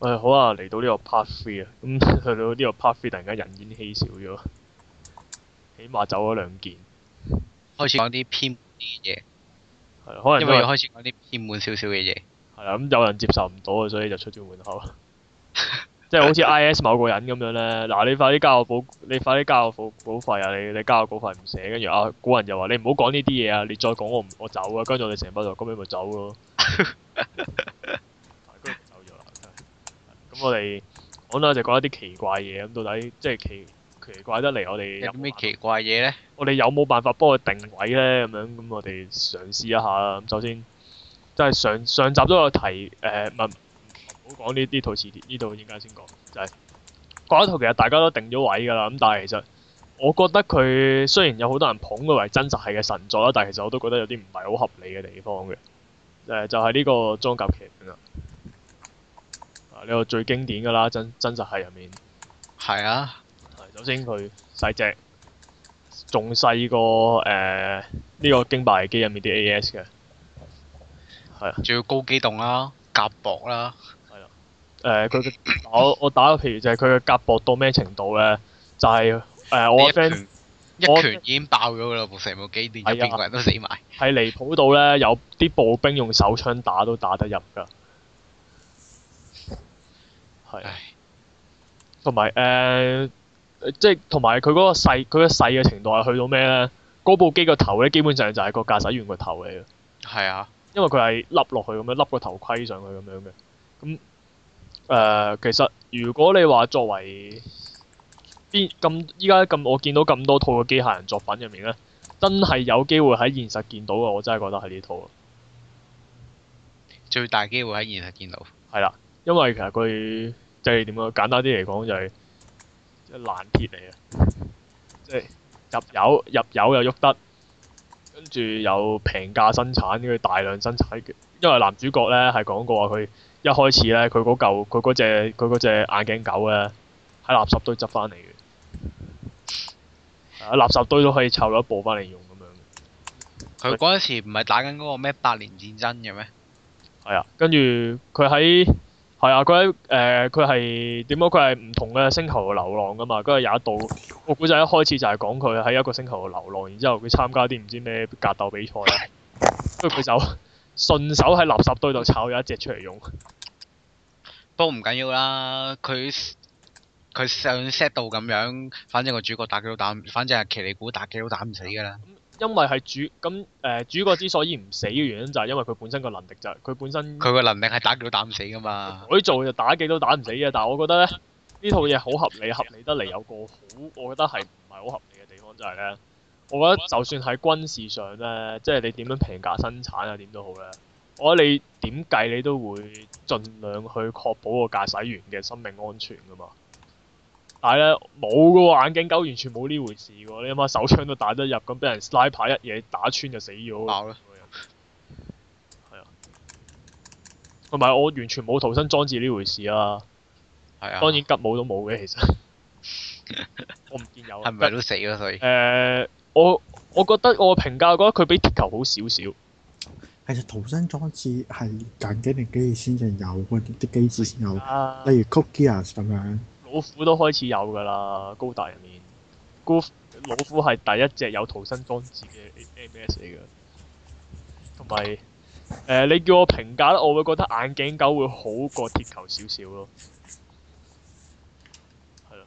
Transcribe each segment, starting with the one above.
誒、哎、好啊！嚟到呢個 part three 啊，咁 去到呢個 part three 突然間人煙稀少咗，起碼走咗兩件。開始講啲偏門啲嘢，係 可能因為要開始講啲偏門少少嘅嘢。係啊， 咁、嗯、有人接受唔到啊，所以就出咗門口。 即係好似 IS 某個人咁樣咧，嗱、 啊、你快啲交我保，你快啲交我保保費啊！你你交我保費唔寫，跟住啊古人就話你唔好講呢啲嘢啊！你再講我唔，我走啊！跟住我哋成班就咁樣咪走咯、啊。 咁我哋講啦，就講一啲奇怪嘢。咁到底即係、就是、奇奇怪得嚟，我哋有咩奇怪嘢呢？我哋有冇辦法幫佢定位呢？咁樣咁我哋嘗試一下啦。咁首先，即、就、係、是、上上集都有提誒，唔好講呢啲套詞。呢度點解先講？就係、是、嗰一套其實大家都定咗位噶啦。咁但係其實我覺得佢雖然有好多人捧佢為真實系嘅神作啦，但係其實我都覺得有啲唔係好合理嘅地方嘅。就係、是、呢個裝甲騎兵啦。呢個最經典噶啦，真真實系入面係啊。首先佢細隻，仲細過誒呢、呃這個驚爆危機入面啲 A. S. 嘅係啊，仲要高機動啦，甲薄啦，係啊。誒、呃，佢我我打個譬如就係佢嘅甲薄到咩程度咧？就係、是、誒，呃、我 friend 一拳已經爆咗啦，部成部機連一成人都死埋，係離譜到咧有啲步兵用手槍打都打得入噶。同埋誒，即係同埋佢嗰個細，佢嗰細嘅程度係去到咩呢？嗰部機個頭呢，基本上就係個駕駛員個頭嚟嘅。係啊，因為佢係笠落去咁樣，笠個頭盔上去咁樣嘅。咁、嗯、誒、呃，其實如果你話作為邊咁依家咁，我見到咁多套嘅機械人作品入面呢，真係有機會喺現實見到嘅，我真係覺得係呢套。最大機會喺現實見到。係啦，因為其實佢。即係點講？簡單啲嚟講就是就是，就係爛鐵嚟嘅。即係入油，入油又喐得，跟住又平價生產，跟住大量生產。因為男主角咧係講過話，佢一開始咧，佢嗰嚿，佢嗰隻，佢嗰隻眼鏡狗咧，喺垃圾堆執翻嚟嘅，垃圾堆都可以湊到一部翻嚟用咁樣。佢嗰陣時唔係打緊嗰個咩百年戰爭嘅咩？係啊，跟住佢喺。係啊，佢喺誒，佢係點講？佢係唔同嘅星球流浪㗎嘛。跟住有一度，我估一開始就係講佢喺一個星球流浪，然之後佢參加啲唔知咩格鬥比賽啦。跟住佢就順手喺垃圾堆度炒咗一隻出嚟用。不過唔緊要啦，佢佢上 set 到咁樣，反正個主角打幾都打，反正係奇利古打幾都打唔死㗎啦。 因為係主咁，誒、呃、主角之所以唔死嘅原因就係、是、因為佢本身個能力就係佢本身佢個能力係打極都打唔死噶嘛。改造就打極都打唔死嘅？但係我覺得咧呢套嘢好合理，合理得嚟有個好，我覺得係唔係好合理嘅地方就係、是、咧，我覺得就算喺軍事上咧，即係你點樣評價生產啊，點都好咧，我覺得你點計你都會盡量去確保個駕駛員嘅生命安全噶嘛。係咧，冇噶喎，眼鏡狗完全冇呢回事喎。你諗下，手槍都打得入，咁俾人拉牌一嘢打穿就死咗。咬啦了。係啊。同埋我完全冇逃生裝置呢回事啊。係啊的。當然吉武都冇嘅，其實。 我唔見有。係咪 都死咗？佢。以、呃。我我覺得我評價我覺得佢比鐵球好少少。其實逃生裝置係近幾年機器先至有，啲機子先有，例如《Code Geass》咁樣。老虎都開始有噶啦，高達入面，孤老虎係第一隻有逃生裝置嘅 A. M. S 嚟嘅。同埋，誒、呃，你叫我評價咧，我會覺得眼鏡狗會好過鐵球少少咯，係咯，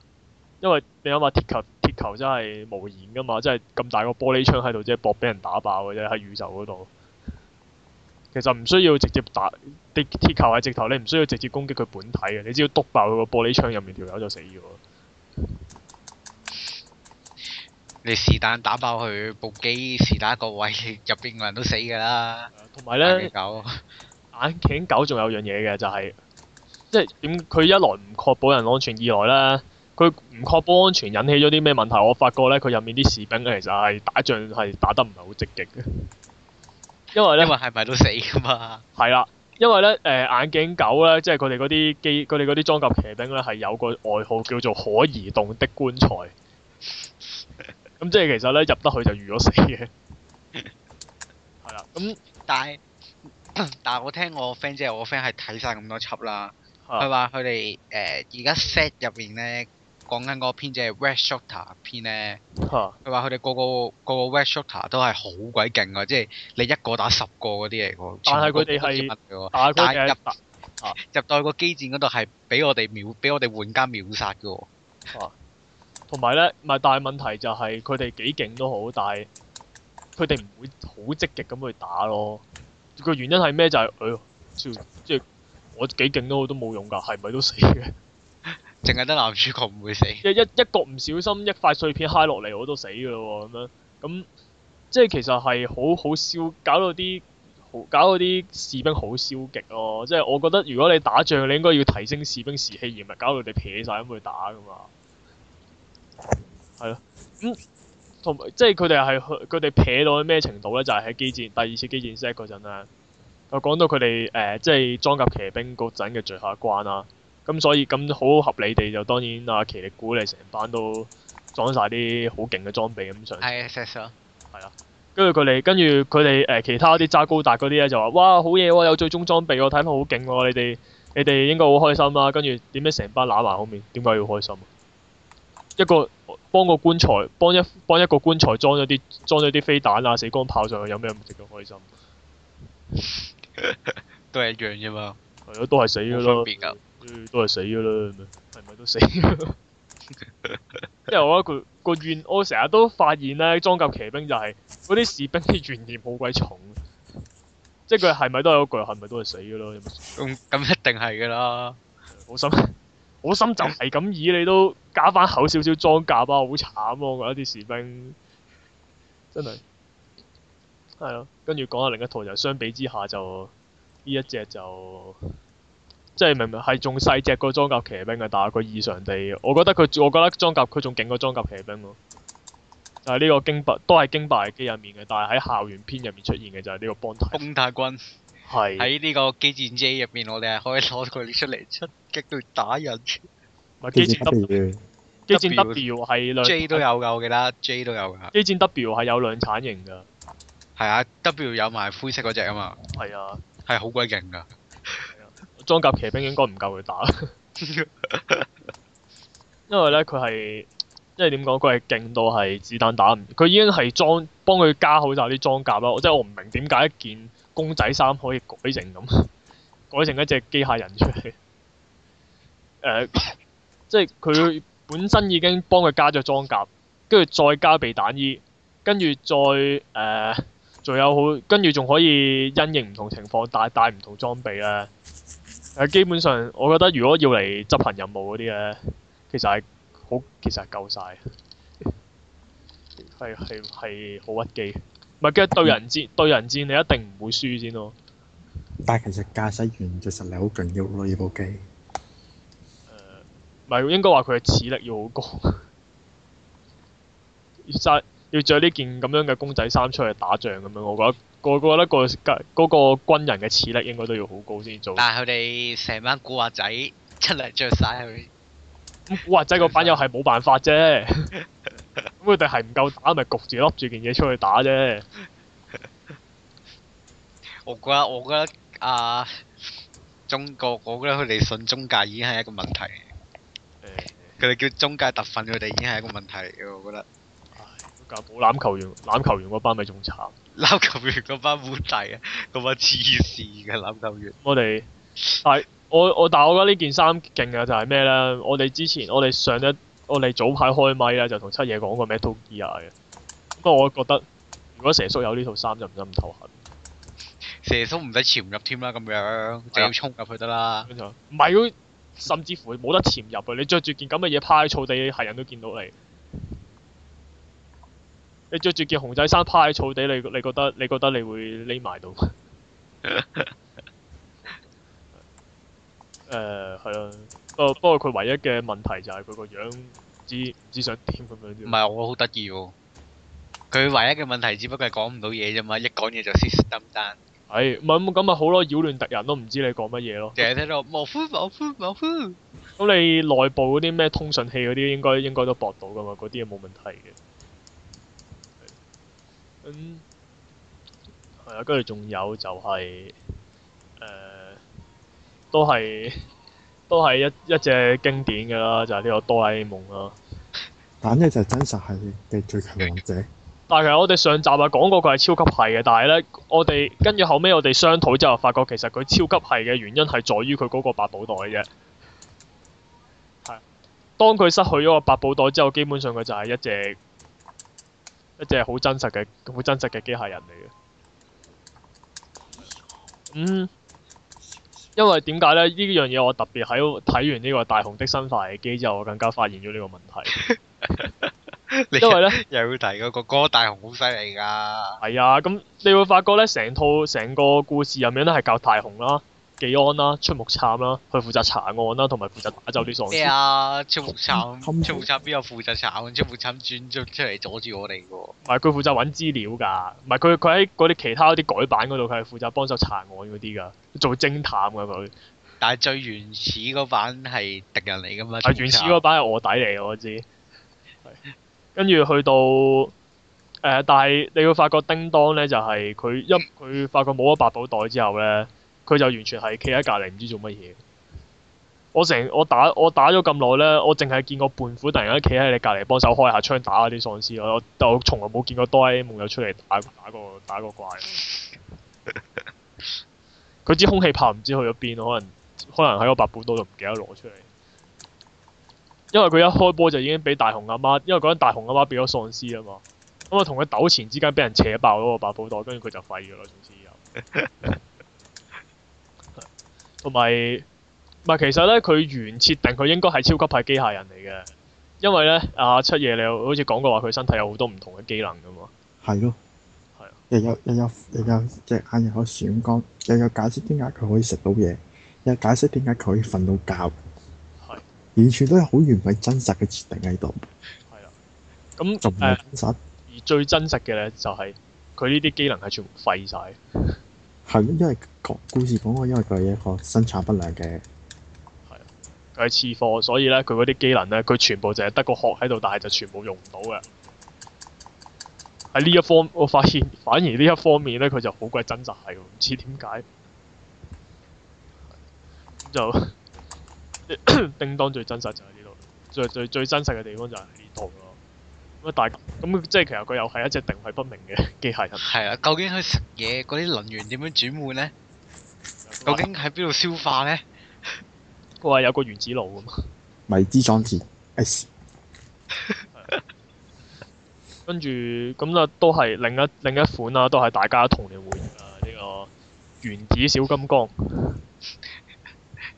因為你諗下鐵球，鐵球真係無言噶嘛，即係咁大個玻璃窗喺度，即係搏俾人打爆嘅啫，喺宇宙嗰度。其實唔需要直接打啲鐵球係直頭，你唔需要直接攻擊佢本體嘅，你只要篤爆佢個玻璃窗入面條友就死咗。你是但打爆佢部機，是但個位入邊個人都死㗎啦。同埋呢，狗眼鏡狗仲有樣嘢嘅就係、是，即係點？佢一來唔確保人安全呢，二來咧佢唔確保安全，引起咗啲咩問題？我發覺呢，佢入面啲士兵其實係打仗係打得唔係好積極嘅。因為咧，因為係咪都死噶嘛？係啦，因為咧，誒，眼鏡狗咧，即係佢哋嗰啲機，佢哋啲裝甲騎兵咧，係有個外號叫做可移動的棺材。咁、 嗯、即係其實咧，入得去就預咗死嘅。係啦， 咁但係但係我聽我 friend 即係我 friend 係睇晒咁多輯啦，佢話佢哋誒而家 set 入邊咧。講緊嗰個編，即係 red shooter 編咧，佢話佢哋個個個個 red shooter 都係好鬼勁啊，即係你一個打十個嗰啲嚟嘅。但係佢哋係，但係入入到去個機戰嗰度係俾我哋秒，俾我哋玩家秒殺嘅。同埋咧，唔係大問題就係佢哋幾勁都好，但係佢哋唔會好積極咁去打咯。個原因係咩，就係？就係，誒，即係我幾勁都好都冇用噶，係咪都死嘅？淨係得男主角唔會死，一一一個唔小心一塊碎片嗨落嚟，我都死噶咯咁樣，咁、嗯、即係其實係好好消搞到啲好搞到啲士兵好消極咯，即係我覺得如果你打仗你應該要提升士兵士氣而唔係搞到佢哋撇晒咁去打噶嘛，係、嗯、咯，咁、嗯、同埋即係佢哋係佢哋撇到咩程度呢？就係喺機戰第二次機戰 set 嗰陣啊，就講到佢哋誒即係裝甲騎兵嗰陣嘅最後一關啦。咁、嗯、所以咁、嗯、好，好合理地就當然啊奇力股，你成班都裝晒啲好勁嘅裝備咁上。係啊，跟住佢哋，跟住佢哋誒其他啲揸高達嗰啲咧就話：哇，好嘢喎，有最終裝備喎，睇翻好勁喎！你哋你哋應該好開心啦、啊。跟住點解成班揦埋口面？點解要開心、啊？一個幫個棺材，幫一幫一個棺材裝咗啲裝咗啲飛彈啊、死光炮上去，有咩唔值得開心、啊 都？都係一樣啫嘛。係咯，都係死咗咯。都係死噶啦，係咪都死？即係 我一個個怨，我成日都發現咧，裝甲騎兵就係嗰啲士兵啲怨念好鬼重，即係佢係咪都係嗰句，係咪都係死噶咯？咁咁、嗯、一定係噶啦！好 心好心就係咁以，你都加翻厚少少裝甲啊，好慘咯！我覺得啲士兵真係係咯，跟住講下另一套就是，相比之下就呢一隻就。即係明明係仲細隻過裝甲騎兵嘅，但係佢異常地，我覺得佢，我覺得裝甲佢仲勁過裝甲騎兵咯、就係。但係呢個驚爆都係驚爆機入面嘅，但係喺校園篇入面出現嘅就係、係、呢個邦太。邦太君係喺呢個機戰 J 入面，我哋係可以攞佢出嚟出擊，都打人。唔係機戰 W，機 W, 戰 W 係兩 J 都有㗎，我記得 J 都有㗎。機戰 W 係有兩產型㗎，係啊，W 有埋灰色嗰隻啊嘛，係啊，係好鬼勁㗎。裝甲騎兵應該唔夠佢打， 因為呢，佢係，因為點講，佢係勁到係子彈打唔。佢已經係裝幫佢加好晒啲裝甲咯，即係我唔明點解一件公仔衫可以改成咁，改成一隻機械人出嚟。誒，即係佢本身已經幫佢加咗裝甲，跟住再加避彈衣，跟住再誒，仲、呃、有好，跟住仲可以因應唔同情況帶帶唔同裝備啊。基本上，我覺得如果要嚟執行任務嗰啲咧，其實係好，其實係夠晒，係， 係，係好屈機，唔係，跟住對人戰，對人戰，你一定唔會輸，哦，先咯。但係其實駕駛員嘅實力好重要咯，呢部機，誒，呃，唔係，應該話佢嘅恥力要好高， 要着，要著呢件咁樣嘅公仔衫出去打仗咁樣，我覺得。個個覺得個個軍人嘅齒力應該都要好高先做，但係佢哋成班古惑仔出嚟着晒去，古惑仔個班又係冇辦法啫。 咁佢哋係唔夠打咪焗住笠住件嘢出去打啫。 我覺得，我覺得啊、呃，中國我覺得佢哋信中介已經係一個問題。佢哋、欸、叫中介特訓佢哋已經係一個問題，我覺得。教、哎、保欖球員，欖球員個班咪仲慘。籃球員嗰班烏仔啊，咁啊黐線嘅籃球員。我哋,但係我我但係我覺得件呢件衫勁嘅就係咩咧？我哋之前我哋上一我哋早排開咪啦,就同七爺講過 Metal Gear 嘅。不過我覺得,如果蛇叔有呢套衫就唔使咁頭痕。蛇叔唔使潛入添啦,咁樣就要衝入去得啦。唔係、啊啊,甚至乎冇得潛入啊！你着住件咁嘅嘢趴喺草地,係人都見到你。你着住件紅仔衫趴喺草地，你你覺得你覺得你會匿埋到？誒、 uh，係啊，誒不過佢唯一嘅問題就係佢個樣，唔知，唔知想點咁樣，唔係我好得意喎，佢唯一嘅問題只不過係講唔到嘢啫嘛，一講嘢就嘶嘶噸噸。係，唔係咁咁咪好咯？擾亂敵人都唔知你講乜嘢咯。淨係聽到模呼模呼模呼，咁 你內部嗰啲咩通訊器嗰啲應該應該都駁到噶嘛？嗰啲嘢冇問題嘅。咁係啊，跟住仲有就係、是、誒、呃，都係都係一一隻經典嘅啦，就係、是、呢個哆啦 A 夢啊。但呢就真實係嘅最強王者。但係其實我哋上集啊講過佢係超級係嘅，但係咧我哋跟住後尾，我哋商討之後，發覺其實佢超級係嘅原因係在於佢嗰個百寶袋嘅啫。係。當佢失去咗個百寶袋之後，基本上佢就係一隻。一隻好真實嘅、好真實嘅機械人嚟嘅。嗯，因為點解呢？呢樣嘢我特別喺睇完呢、呢個大雄的生化危機之後，我更加發現咗呢個問題。 因為呢，又要提嗰、嗰個哥哥大雄好犀利噶。係啊，咁你會發覺呢成套成個故事入面都係靠大雄啦。技安啦，出木杉啦，佢負責查案啦，同埋負責打走啲喪屍。咩啊？出木杉，出木杉邊有負責查案？出木杉轉咗出嚟，阻止我哋嘅。唔係佢負責揾資料噶，唔係佢，佢喺嗰啲其他嗰啲改版嗰度，佢係負責幫手查案嗰啲噶，做偵探噶佢。但係最原始嗰版係敵人嚟噶嘛？係原始嗰版係臥底嚟，嘅。我知。 跟住去到誒、呃，但係你會發覺叮當咧，就係佢一，佢發覺冇咗百寶袋之後咧。 佢就完全係企喺隔離，唔知做乜嘢。我成我打我打咗咁耐呢，我淨係見過胖虎突然間企喺你隔離幫手開下槍打下啲喪屍，我就從來冇見過哆啦 A 夢有出嚟打打過打過怪。佢支 空氣炮唔知去咗邊，可能可能喺個百寶袋度唔記得攞出嚟。因為佢一開波就已經俾大雄阿媽，因為嗰陣大雄阿媽俾咗喪屍啊嘛。咁啊，同佢糾纏之間俾人扯爆咗個百寶袋，跟住佢就廢咗啦，總之又。 同埋，唔係其實咧，佢原設定佢應該係超級派機械人嚟嘅，因為咧阿七爺，你好似講過話佢身體有好多唔同嘅機能㗎嘛。係咯的。係啊的。又有又有又有隻眼又可以閃光，又有，有解釋點解佢可以食到嘢，又有解釋點解佢可以瞓到覺。係。完全都係好完美真實嘅設定喺度。係啊。咁誒、就唔係真實，呃。而最真實嘅咧，就係佢呢啲機能係全部廢晒。係，因為個故事講開，因為佢係一個生產不良嘅，係，佢係次貨，所以咧佢嗰啲機能咧，佢全部就係得個殼喺度，但係就全部用唔到嘅。喺呢一方，我發現反而呢一方面咧，佢就好鬼真實係，唔知點解就叮當最真實就係呢度，最最最真實嘅地方就係呢度。咁即係，其實佢又係一隻定位不明嘅機械人。係啊，究竟佢食嘢嗰啲能源點樣轉換呢？究竟喺邊度消化呢？佢話有個原子爐咁啊，迷之裝置。S. 跟住咁啊，都係另一另一款啦，都係大家童年回憶啊！呢、這個原子小金剛。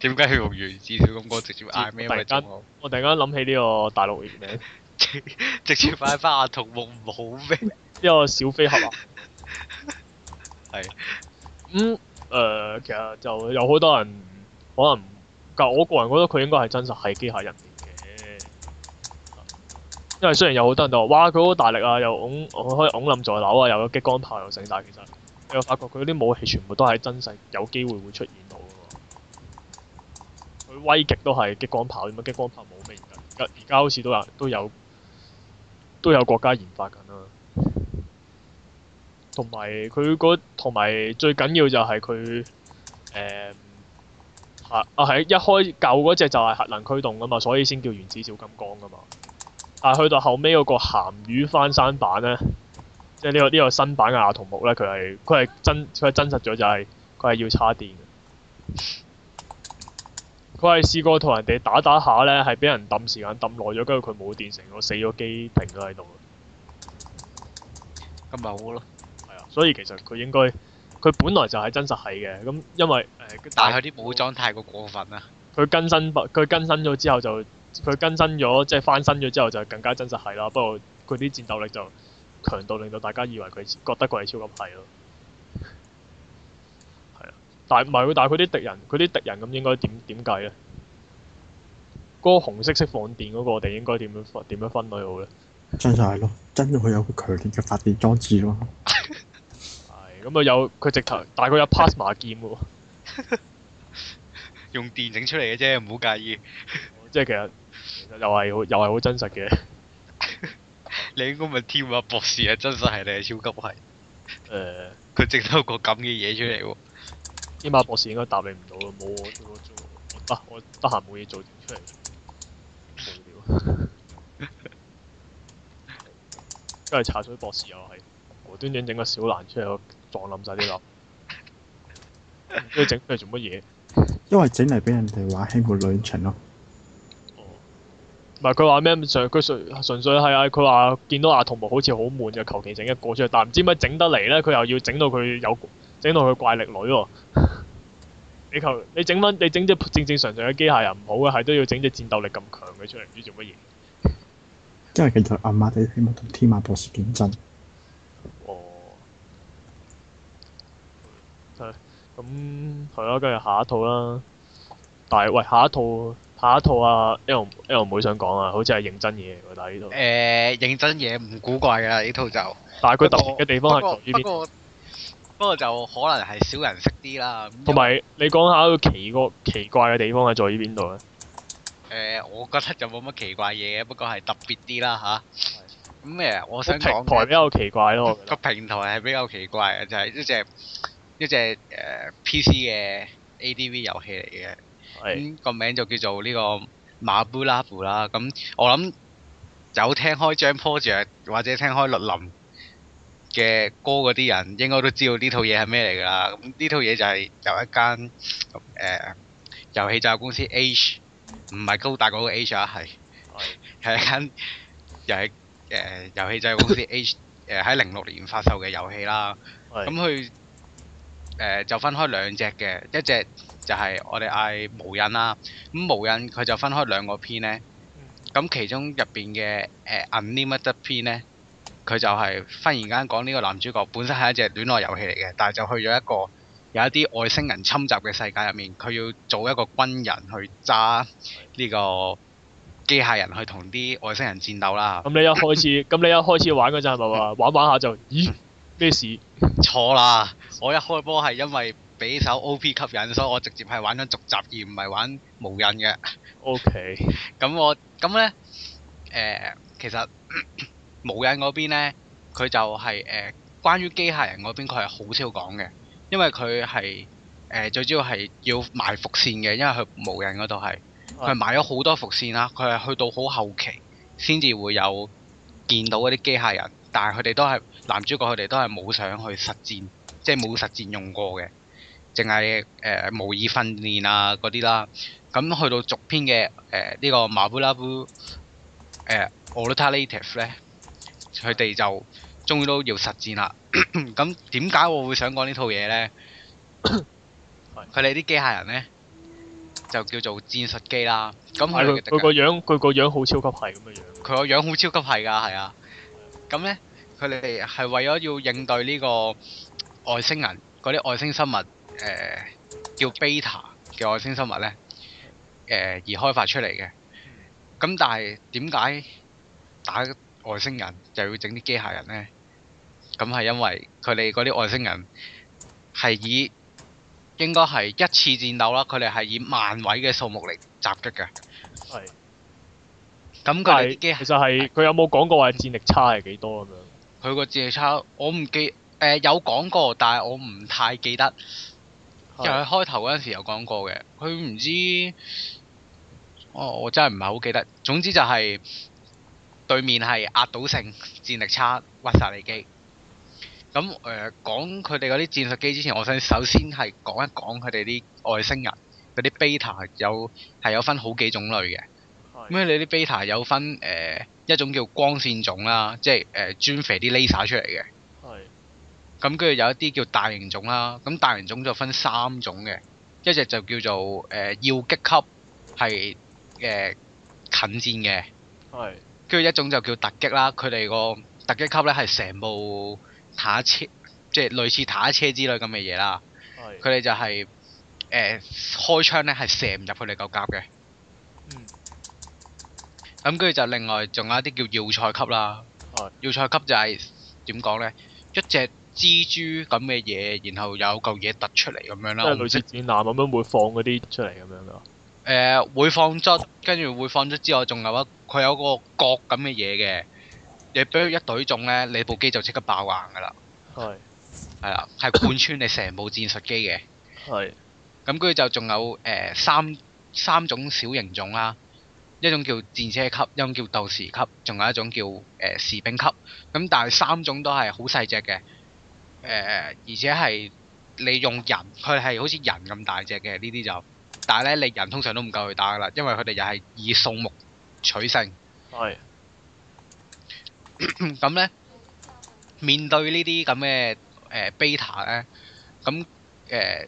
點解佢用原子小金剛直接嗌，咩未知，我突然間諗起呢個大陸名。 直接擺翻阿童木，唔好咩？因 為小飛俠啊，嗯，係咁誒，其實就有好多人可能，但我個人覺得佢應該係真實係機械人嚟嘅，因為雖然有好多人就話哇佢好大力啊，又拱，佢可以拱冧在樓啊，又有激光炮又成，但係其實你又發覺佢啲武器全部都係真實有機會會出現到噶喎，佢威極都係激光炮，點解激光炮冇咩而家而家好似都有都有。都有國家研發緊啦，同埋佢嗰同埋最緊要就係佢誒啊，係一開舊嗰隻就係核能驅動㗎嘛，所以先叫原子小金剛㗎嘛。啊，去到後尾，嗰個鹹魚翻身版呢，即係呢個呢、呢個新版嘅阿童木咧，佢係佢係真佢係真實咗，就係，就係佢係要叉電。佢係試過同人哋打打下呢，係俾人抌時間抌耐咗，跟住佢冇電成個死咗機停咗喺度。咁咪好咯。係啊，所以其實佢應該佢本來就係真實係嘅，咁因為誒。呃、但係佢啲武裝太過過分啦。佢更新佢更新咗之後就佢更新咗，即係翻新咗之後就更加真實係啦。不過佢啲戰鬥力就強到令到大家以為佢覺得佢係超級細咯。但唔係，佢但係佢啲敵人，佢啲敵人咁應該點點計咧？嗰、嗰個紅色色放電嗰個，我哋應該點樣點樣分類好咧？真實係咯，真佢有個強烈嘅發電裝置咯。係咁啊！有佢直頭，但係佢有 Plasma 劍喎，用電整出嚟嘅啫，唔好介意。 即係其，其實又係好，又係好真實嘅。 你應該咪添啊，博士係真實係定係超級係？誒 ，佢整出個咁嘅嘢出嚟喎。起碼博士應該答你唔到咯，冇我，我，我，我做，我得我得閒冇嘢做，出嚟無聊。今日 茶水博士又係無端端整個小蘭出嚟，我撞冧晒啲樓。你整出嚟做乜嘢？因為整嚟俾人哋玩《兄妹戀情》咯，哦。唔係佢話咩？純佢純純粹係啊！佢話見到阿童木好似好悶，就求其整一個出嚟，但唔知點解，整得嚟咧，佢又要整到佢有。整到佢怪力女喎、啊！ 你求你整翻你整隻正正常常嘅機械人唔好嘅，係都要整隻戰鬥力咁強嘅出嚟，唔知做乜嘢。因為其實阿媽哋希望同天馬博士認真。M、競爭哦。誒、 嗯，咁係咯，跟、嗯、住、嗯嗯嗯、下一套啦。但係喂，下一套，下一套啊！L L 唔會想講啊，好似係認真嘢嚟喎，但係呢套。誒、呃，認真嘢唔古怪噶，呢套就。但係佢特別嘅地方係在於邊？這個不過就可能係少人識啲啦。同埋有為你講下個奇個奇，奇怪嘅地方係在於邊度咧？誒、呃，我覺得就冇乜奇怪嘢，不過係特別啲啦吓。咁誒，對我想講台比較奇怪咯。個覺平台係比較奇怪嘅，就係、是、一隻一隻誒、呃、PC 嘅 ADV 遊戲嚟嘅。咁個的、嗯、名就叫做呢個馬布拉夫啦。咁我諗有聽開 JAM Project 或者聽開栗林。嘅歌嗰啲人應該都知道呢套嘢係咩嚟㗎啦，咁呢套嘢就係由一間誒、呃、遊戲製作公司 Age，唔係高達嗰個 Age 啊，係係一間又係誒遊戲製作公司 Age，誒喺零六年發售嘅遊戲啦，咁佢誒就分開兩隻嘅，一隻就係我哋嗌無印啦，咁無印佢就分開兩個篇呢。咁其中入邊嘅誒 Unlimited、呃、篇呢。佢就係忽然間講呢個男主角本身係一隻戀愛遊戲嚟嘅，但係就去咗一個有一啲外星人侵襲嘅世界入面，佢要做一個軍人去揸呢個機械人去同啲外星人戰鬥啦。咁你一開始，咁 你一開始玩嗰陣係咪玩玩下就？咦，咩事？錯啦！我一開波係因為俾首 OP 吸引，所以我直接係玩咗續集而唔係玩無印嘅。O Okay . K。 咁我咁呢？誒、呃，其實。 無印嗰邊咧，佢就係、是、誒、呃、關於機械人嗰邊，佢係好少講嘅，因為佢係誒最主要係要埋伏線嘅，因為佢無印嗰度係佢埋咗好多伏線啦。佢係去到好後期先至會有見到嗰啲機械人，但係佢哋都係男主角，佢哋都係冇想去實戰，即係冇實戰用過嘅，淨係誒模擬訓練啊嗰啲啦。咁、嗯、去到續篇嘅誒呢個馬布拉布誒 alternative 咧。佢哋就終於都要實戰啦。咁點解我會想講呢套嘢呢？佢哋啲機械人呢，就叫做戰術機啦。咁佢，佢個樣，佢個樣好超級係咁嘅樣。佢個樣好超級係㗎，係 啊。 咁呢，佢哋係為咗要應對呢個外星人，嗰啲外星生物，誒、呃、叫 Beta 嘅外星生物呢，誒、呃、而開發出嚟嘅。咁但係點解打？外星人就要整啲機械人呢，咁係因為佢哋嗰啲外星人係以應該係一次戰鬥啦，佢哋係以萬位嘅數目嚟襲擊嘅。係是。咁佢哋機械人其實係佢有冇講過話戰力差係幾多啊？佢個戰力差，我唔記誒、呃、有講過，但係我唔太記得。又係是開頭嗰陣時有講過嘅，佢唔知、哦。我我真係唔係好記得，總之就係、是。對面係壓倒性戰力差，屈殺你機。咁誒、呃、講佢哋嗰啲戰術機之前，我想首先係講一講佢哋啲外星人嗰啲 beta 有係有分好幾種類嘅。咩？你啲 beta 有分誒、呃、一種叫光線種啦，即係誒專射啲 laser 出嚟嘅。係。咁跟住有一啲叫大型種啦，咁大型種就分三種嘅，一隻就叫做誒要擊級，係誒、呃、近戰嘅。係。跟住一種就叫突擊啦，佢哋個突擊級咧係成部坦克，即係類似坦克之類咁嘅嘢啦。佢哋是的 就係、是、誒、呃、開槍咧，係射唔入佢哋嚿甲嘅。嗯。咁跟住就另外仲有一啲叫要塞級啦。是的 要塞級就係點講咧？一隻蜘蛛咁嘅嘢，然後有嚿嘢突出嚟咁樣啦。即係類似戰艦咁樣，會放嗰啲出嚟咁樣咯。誒，會放竹，跟住會放竹之外，仲有一。佢有個角咁嘅嘢嘅，你俾佢一懟中呢，你部機就即刻爆橫噶啦。係。係啦，係貫穿你成部戰術機嘅。係、 嗯。咁跟住就仲有誒、呃、三三種小型種啦，一種叫戰車級，一種叫鬥士級，仲有一種叫誒、呃、士兵級。咁、嗯、但係三種都係好細隻嘅，誒、呃、而且係你用人，佢係好似人咁大隻嘅呢啲就，但係咧你人通常都唔夠佢打噶啦，因為佢哋又係以數目。取勝係咁咧，面對、呃、呢啲咁嘅誒 beta 咧，咁誒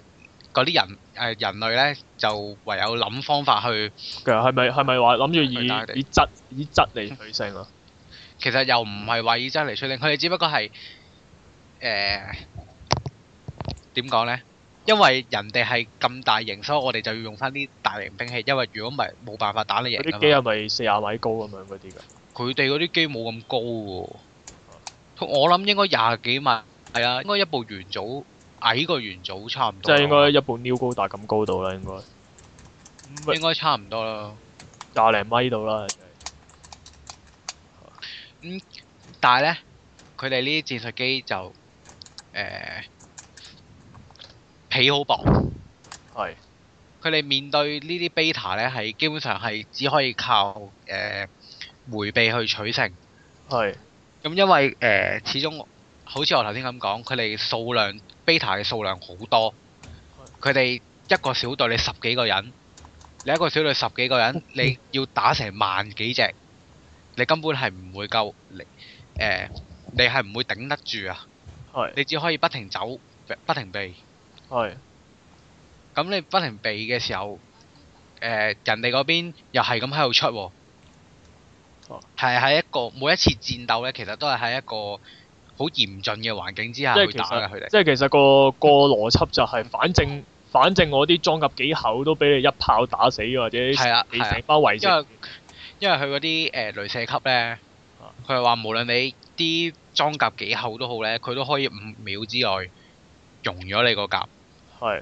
嗰啲人誒、呃、人類咧就唯有諗方法去，其實係咪係咪話諗住以以，以質以質嚟取勝啊？ 其實又唔係話以質嚟取勝，佢哋只不過係誒點講咧？呃因為人哋係咁大型，所以我哋就要用翻啲大型兵器。因為如果唔係，冇辦法打你贏。人哋嗰啲機係咪四廿米高咁樣嗰啲噶？佢哋嗰啲機冇咁高喎。我諗應該廿幾米，係啊，應該一部元祖矮個元祖差唔多。即係應該一部 New 高達咁高度啦，嗯，應該，嗯。應該差唔多啦，廿零米度啦，啊。咁，啊嗯，但係咧，佢哋呢啲戰術機就誒。呃幾好噃，佢哋面對呢啲 beta 呢，係基本上係只可以靠誒回避去取勝。係、嗯。咁因為、呃、始終，好似我頭先咁講，佢哋數量 beta 嘅數量好多。佢哋一個小隊你十幾個人，你一個小隊十幾個人，你要打成萬幾隻，你根本係唔會夠，你誒你係唔會頂得住啊。你只可以不停走，不停避。係，咁你不停避嘅時候，誒、呃、人哋嗰邊又係咁喺度出喎、啊，係喺、啊、一個每一次戰鬥咧，其實都係喺一個好嚴峻嘅環境之下去打嘅佢哋。即係其實個、嗰個邏輯就係，反正反正我啲裝甲幾厚都俾你一炮打死，或者你成包圍住。因為佢嗰啲誒雷射級咧，佢話無論你啲裝甲幾厚都好咧，佢都可以五秒之內融咗你個甲。係，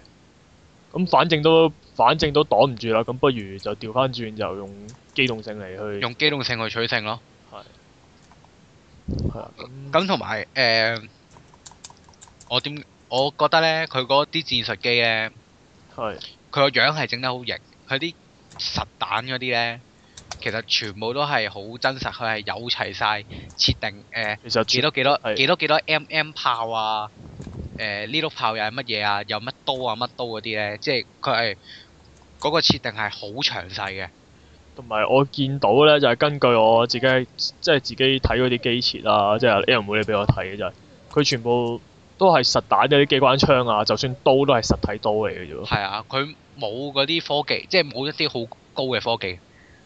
咁反正都反正都擋唔住啦，咁不如就調翻轉，就用機動性嚟去用機動性去取勝咯。係，係啊。咁咁同埋誒，我點？我覺得咧，佢嗰啲戰術機咧，係，佢個樣係整得好型，佢啲實彈嗰啲咧，其實全部都係好真實，佢係有齊晒設定誒，幾多幾多幾多幾多 MM 炮啊！誒呢碌炮又係乜嘢啊？又乜刀啊？乜刀嗰啲咧？即係佢係嗰個設定係好詳細嘅。同埋我見到咧，就係根據我自己即係、就是、自己睇嗰啲機設啊，即係 L 妹你俾我睇嘅就係，佢全部都係實彈嘅啲機關槍啊，就算刀都係實體刀嚟嘅啫。係啊，佢冇嗰啲科技，即係冇一啲好高嘅科技，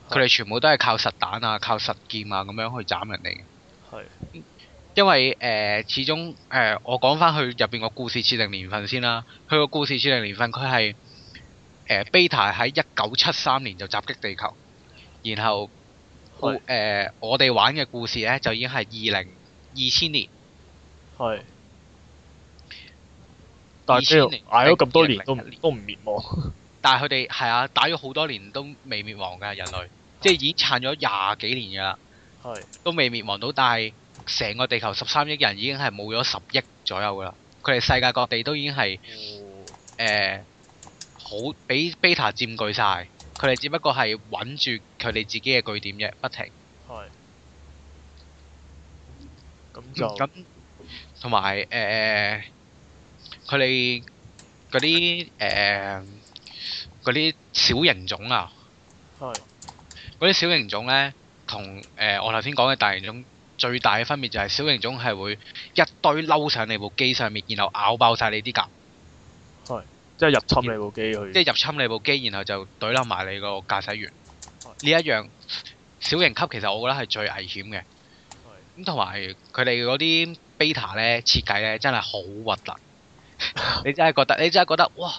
佢哋全部都係靠實彈啊，靠實劍啊咁樣去斬人哋。係。因為誒、呃、始終誒、呃、我講翻佢入邊個故事設定年份先啦，佢個故事設定年份佢係誒 Beta 喺一九七三年，就襲擊地球，然後誒是、呃、我哋玩嘅故事咧就已經係二零二千年，係，但係即係挨咗咁多年，年都都唔滅亡，但係佢哋係啊打咗好多年都未滅亡噶人類，即係已經撐咗廿幾年噶啦，係，都未滅亡到，但係。成個地球十三億人已經係冇咗十億左右㗎喇。佢哋世界各地都已經係誒好俾 Beta 佔據曬。佢哋只不過係揾住佢哋自己嘅據點啫，不停。係。咁就咁同埋誒，佢哋嗰啲誒嗰啲小型種啊。係。嗰啲小型種咧，同誒我頭先講嘅大型種。最大嘅分別就係小型種係會一堆嬲上你部機上面，然後咬爆晒你啲甲。係。即係入侵你部機去。即係入侵你部機，然後就懟撚埋你個駕駛員。呢是一樣小型級其實我覺得係最危險嘅。咁同埋佢哋嗰啲 beta 咧，設計咧，真係好核突。是 你真係覺得，你真係覺得，哇！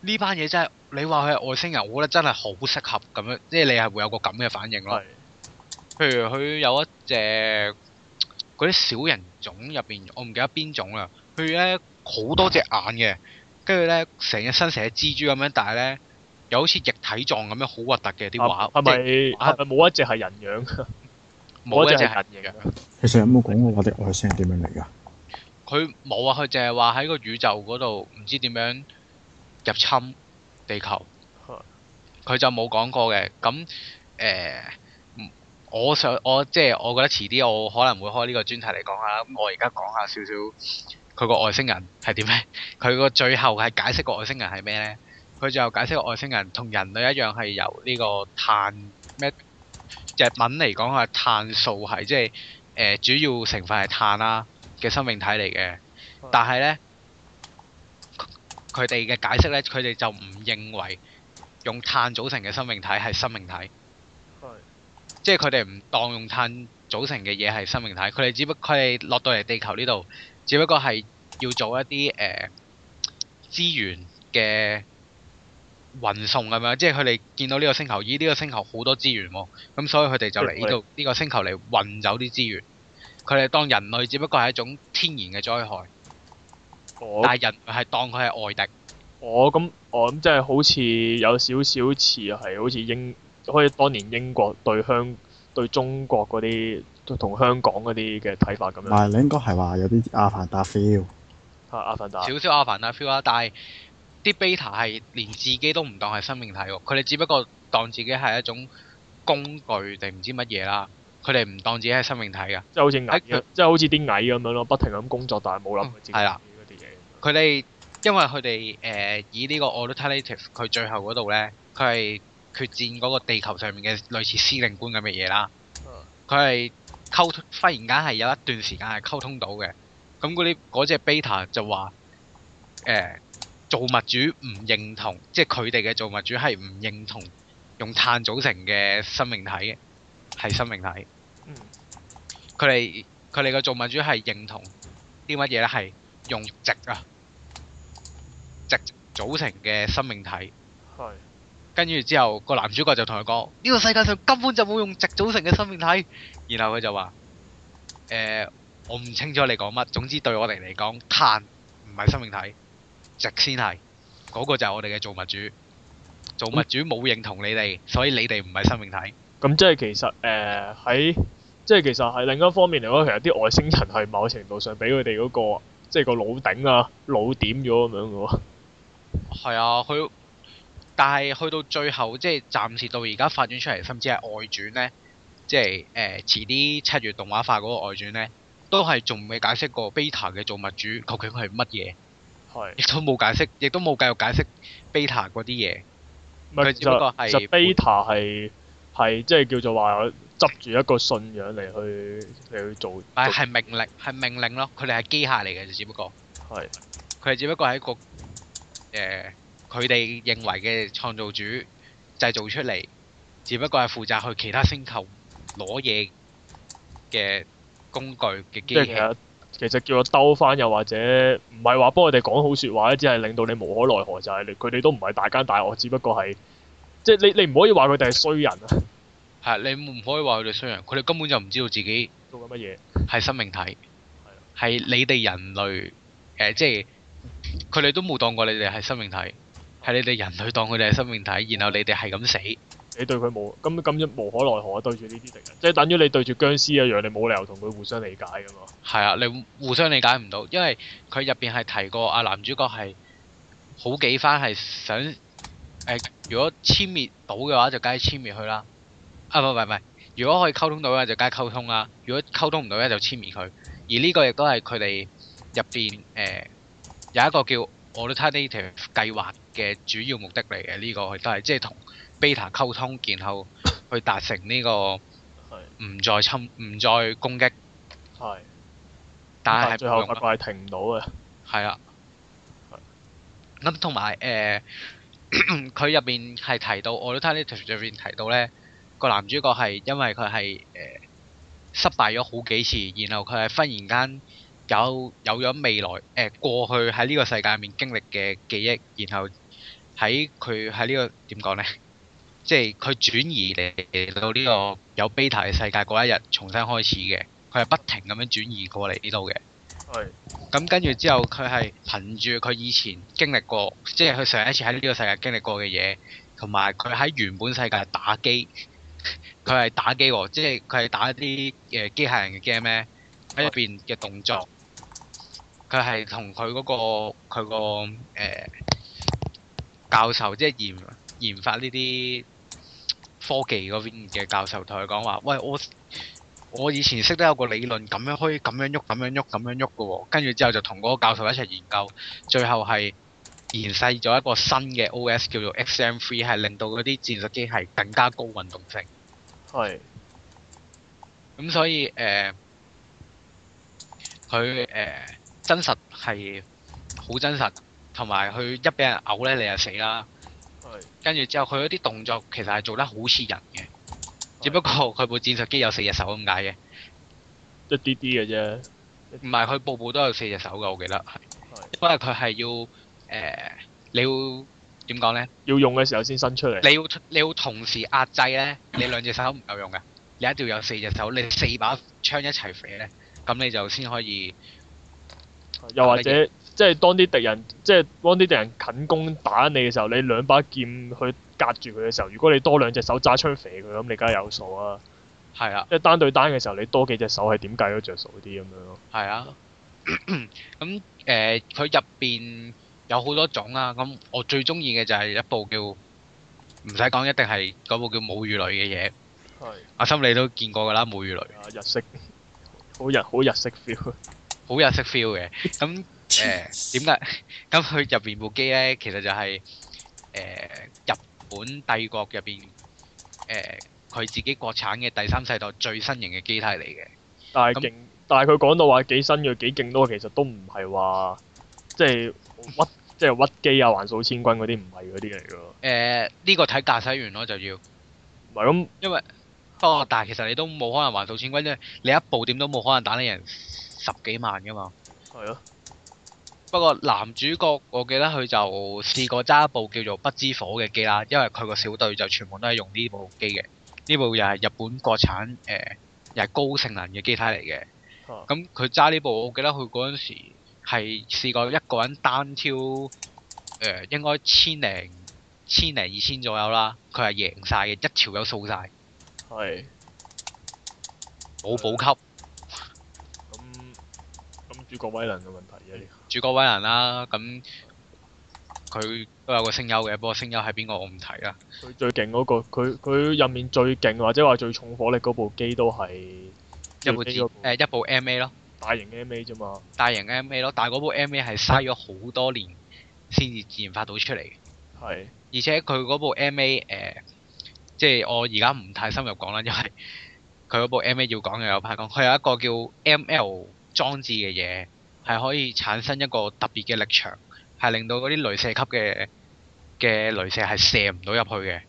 呢班嘢真係你話佢係外星人，我覺得真係好適合咁樣，即係你係會有個咁嘅反應咯。是是 譬如佢有一隻嗰啲小人種入邊，我唔記得邊種啦。佢咧好多隻眼嘅，跟住咧成隻身成隻蜘蛛咁樣，但係咧又好似液體狀咁樣，好核突嘅啲畫。係咪係咪冇一隻係人樣？冇一隻係人嘅。其實有冇講過我哋外星人點樣嚟㗎？佢冇啊！佢淨係話喺個宇宙嗰度唔知點樣入侵地球。佢就冇講過嘅。咁誒？呃我想我即係，我覺得遲啲我可能會開呢個專題嚟講下。咁我而家講下少少佢個外星人係點咧？佢個最後係解釋個外星人係咩咧？佢最後解釋個外星人同人類一樣係由呢個碳咩日文嚟講係碳素係，即係誒、呃、主要成分係碳啦嘅生命體嚟嘅。但係咧，佢哋嘅解釋咧，佢哋就唔認為用碳組成嘅生命體係生命體。即係佢哋唔當用碳組成嘅嘢係生命體，佢哋只不佢哋落到嚟地球呢度，只不過係要做一啲誒資源嘅運送咁樣。即係佢哋見到呢個星球，咦？呢個星球好多資源喎、哦，咁所以佢哋就嚟呢度呢個星球嚟運走啲資源。佢哋當人類只不過係一種天然嘅災害，我但係人係當佢係外敵。我咁，我諗即係好似有少少似係好似英。可以當年英國對香對中國嗰啲同香港嗰啲嘅睇法咁樣。係、啊，你應該係話有啲阿凡達 feel、啊。阿凡達。少少阿凡達 feel 啦，但係啲 beta 係連自己都唔當係生命體喎，佢哋只不過當自己係一種工具定唔知乜嘢啦，佢哋唔當自己係生命體啊，即係好似，他即係好似啲蟻咁樣咯，不停咁工作，但係冇諗自己啲嘢、嗯。佢哋因為佢哋誒以呢個 alternative，佢最後嗰度咧，佢係。決戰嗰個地球上面嘅類似司令官咁嘅嘢啦，佢係溝通，忽然間係有一段時間係溝通到嘅。咁嗰啲嗰隻 beta 就話：誒、欸，造物主唔認同，即係佢哋嘅造物主係唔認同用碳組成嘅生命體嘅，係生命體。佢哋佢哋嘅造物主係認同啲乜嘢咧？係用矽啊，矽組成嘅生命體。係。跟住之後，個男主角就同佢講：呢個世界上根本就冇用直組成嘅生命體。然後佢就話：誒，我唔清楚你講乜。總之對我哋嚟講，碳唔係生命體，直先係。嗰個就係我哋嘅造物主。造物主冇認同你哋，所以你哋唔係生命體。咁即係其實誒喺，即係其實係另一方面嚟講，其實啲外星人係某程度上俾佢哋嗰個，即係個腦頂啊腦點咗咁樣嘅。係啊，佢。但係去到最後，即係暫時到而家發展出嚟，甚至係外傳呢，即係誒、呃、遲啲七月動畫化嗰個外傳呢，都係仲未解釋過 BETA 嘅造物主究竟係乜嘢，係亦是都冇解釋，亦都冇繼續解釋 BETA 嗰啲嘢。咪但就係 BETA 係係即係叫做話執住一個信仰嚟去嚟去做。係係命令係命令咯，佢哋係機械嚟嘅，就只不過係佢係只不過係一個誒。呃佢哋認為嘅創造主製造出嚟，只不過係負責去其他星球攞嘢嘅工具嘅機器。其實叫我兜返又或者唔係話幫佢哋講好説話，只係令到你無可奈何，就係佢哋都唔係大奸大惡，只不過係即係你你唔可以話佢哋係衰人啊！係你唔可以話佢哋衰人，佢哋根本就唔知道自己做緊乜嘢係生命體，係你哋人類、欸、即係佢哋都冇當過你哋係生命體。係你哋人類當佢哋係生命體，然後你哋係咁死。你對佢冇咁咁，無可奈何啊！對住呢啲敵人，即係等於你對住僵屍一樣，你冇理由同佢互相理解噶嘛。係啊，你互相理解唔到，因為佢入邊係提過啊，男主角係好幾番係想誒、呃，如果殲滅到嘅話就梗係殲滅佢啦。啊，唔係唔係，如果可以溝通到嘅就梗係溝通啦。如果溝通唔到咧就殲滅佢。而呢個亦都係佢哋入邊誒有一個叫《Alternative》計劃。嘅主要目的嚟嘅呢個佢都係即係同 beta 溝通，然後去達成呢個唔再侵、唔再攻擊。係的，但係最後係停唔到嘅。係啊的。咁同埋誒，佢入邊係提到，我都睇呢條上邊提到咧，個男主角係因為佢係誒失敗咗好幾次，然後佢係忽然間有有咗未來誒、呃、過去喺呢個世界入面經歷嘅記憶，然後。喺佢喺呢個點講呢？即係佢轉移嚟到呢個有 beta 嘅世界嗰一日重新開始嘅，佢係不停咁樣轉移過嚟呢度嘅。係是。咁跟住之後，佢係憑住佢以前經歷過，即係佢上一次喺呢個世界經歷過嘅嘢，同埋佢喺原本世界打機，佢 係打機喎，即係佢係打一啲誒機械人嘅 game 呢，喺入邊嘅動作，佢係同佢嗰個佢個誒。呃教授即係研研發呢啲科技嗰邊嘅教授，同佢講話，喂，我我以前識得有個理論咁樣可以咁樣喐，咁樣喐，咁樣喐嘅喎。跟住之後就同嗰個教授一齊研究，最後係研製咗一個新嘅 OS 叫做 XM Three，係令到嗰啲戰術機係更加高運動性。係是。咁所以誒，佢、呃、誒、呃、真實係好真實。同埋佢一俾人嘔咧，你就死啦。的跟住之後，佢嗰啲動作其實係做得好似人嘅，的只不過佢部戰術機有四隻手咁解嘅。一啲啲嘅啫。唔係，佢部部都有四隻手噶，我記得。係的。因為佢係要誒、呃，你要點講呢？要用嘅時候先伸出嚟。你要你要同時壓制呢，你兩隻手唔夠用嘅。你一定要有四隻手，你四把槍一齊射呢，咁你就先可以。又或者。即係當啲敵人，即係當啲敵人近攻打你嘅時候，你兩把劍去隔住佢嘅時候，如果你多兩隻手揸槍飛佢，咁你梗係有數是啊！係啊，即係單對單嘅時候，你多幾隻手係點計都着數啲咁樣咯。係啊，咁、嗯、誒，佢入邊有好多種啦。咁我最中意嘅就係一部叫唔使講，一定係嗰部叫母魚類《母與女》嘅嘢。阿心你都見過㗎啦，《母與女》。啊，日式，好日好日式 feel，好日式 feel 嘅咁。 誒點解？咁佢入邊部機咧，其實就係、是、誒、呃、日本帝國入邊誒佢自己國產嘅第三世代最新型嘅機體嚟嘅。但係是勁，那但係佢講到話幾新嘅幾勁，都其實都唔係話即係屈即係屈機啊，橫掃千軍嗰啲唔係嗰啲嚟嘅。誒呢、呃這個睇駕駛員咯，就要唔係咁，因為不過但係其實你都冇可能橫掃千軍啫，你一步點都冇可能打贏人十幾萬噶嘛。係咯。不過男主角我記得佢就試過揸一部叫做不知火嘅機啦，因為佢個小隊就全部都係用呢部機嘅，呢部又係日本國產誒、呃，又係高性能嘅機體嚟嘅。咁佢揸呢部，我記得佢嗰陣時係試過一個人單挑誒、呃，應該千零千零二千左右啦，佢係贏晒嘅，一條友掃晒，係是。冇補給。咁咁、嗯，主、嗯、角、嗯、威能嘅問主角威人啦、啊，咁佢都有個聲優嘅，不過聲優係邊個我唔睇啦。佢最勁嗰、那個，佢佢入面最勁或者話最重火力嗰部機都係一部誒、呃、一部 M A 咯，大型 M A 啫嘛。大型 M A 咯，但係嗰部 M A 係嘥咗好多年先至研發到出嚟。係是。而且佢嗰部 M A 誒、呃，即係我而家唔太深入講啦，因為佢嗰部 M A 要講又有排講，佢有一個叫 M L 裝置嘅嘢。係可以產生一個特別嘅力場，係令到嗰啲雷射級嘅嘅雷射係射唔到入去嘅，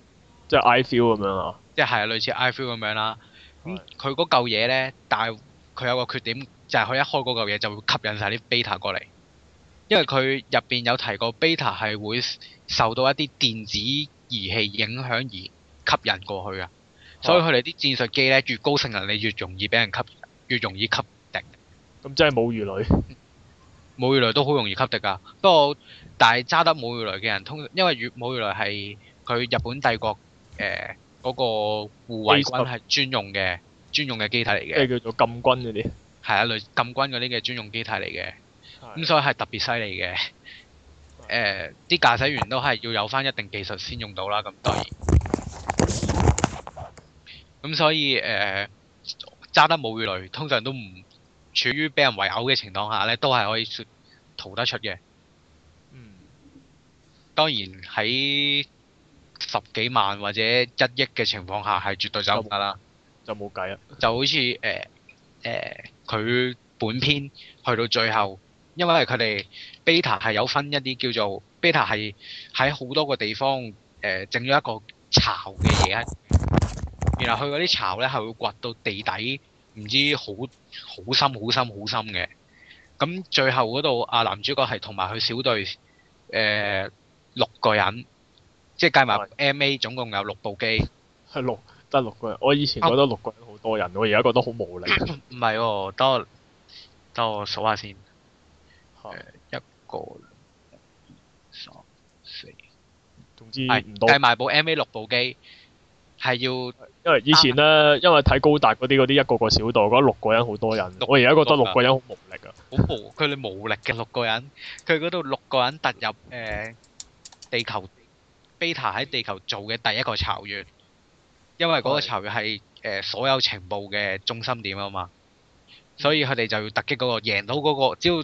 即係 I feel 咁樣咯、啊，即係係類似 I feel 咁樣啦。咁佢嗰嚿嘢呢，但係佢有個缺點，就係、是、佢一開嗰嚿嘢就會吸引晒啲 beta 過嚟，因為佢入邊有提過 beta 係會受到一啲電子儀器影響而吸引過去啊。好的 所以佢哋啲戰術機呢，越高性能你越容易俾人吸，越容易吸敵。咁真係冇魚雷。 武御雷都好容易吸敵噶，不過但係揸得武御雷嘅人，通因為武御雷係佢日本帝國誒嗰、呃那個護衛軍係專用嘅、專用嘅機體嚟嘅。咩叫做禁軍嗰啲？係啊，類禁軍嗰啲嘅專用機體嚟嘅，咁所以係特別犀利嘅。誒、呃，啲駕駛員都係要有返一定技術先用到啦，咁當然。咁所以誒，揸得武御雷通常都唔～處於俾人圍毆嘅情況下咧，都係可以説逃得出嘅。嗯。當然喺十幾萬或者一億嘅情況下，係絕對走唔甩喇。就冇計啦。就好似誒誒，佢、呃呃、本篇去到最後，因為佢哋 Beta 係有分一啲叫做 Beta 係喺好多個地方誒，整、呃、咗一個巢嘅嘢。原來佢嗰啲巢咧係會掘到地底。唔知好好深好深好深嘅，咁最後嗰度阿男主角係同埋佢小隊誒六個人，即係計埋 M A 總共有六部機，係六得六個人。我以前覺得六個人好多人，我而家覺得好無力。唔係、啊、哦，得我，得我數下先，誒、啊，一個二、二、三、四，總之係唔到、哎。計埋多部 M A 六部機。係要，因為以前咧，啊、因為睇高達嗰啲嗰啲一個個小隊，我覺得六個人好多人。人多人我而家覺得六個人好無力啊！好無，佢哋無力嘅六個人，佢嗰度六個人突入誒、呃、地球 Beta 喺地球做嘅第一個巢穴，因為嗰個巢穴係誒所有情報嘅中心點啊嘛，所以佢哋就要突擊嗰、嗰個，贏到嗰、嗰個，只要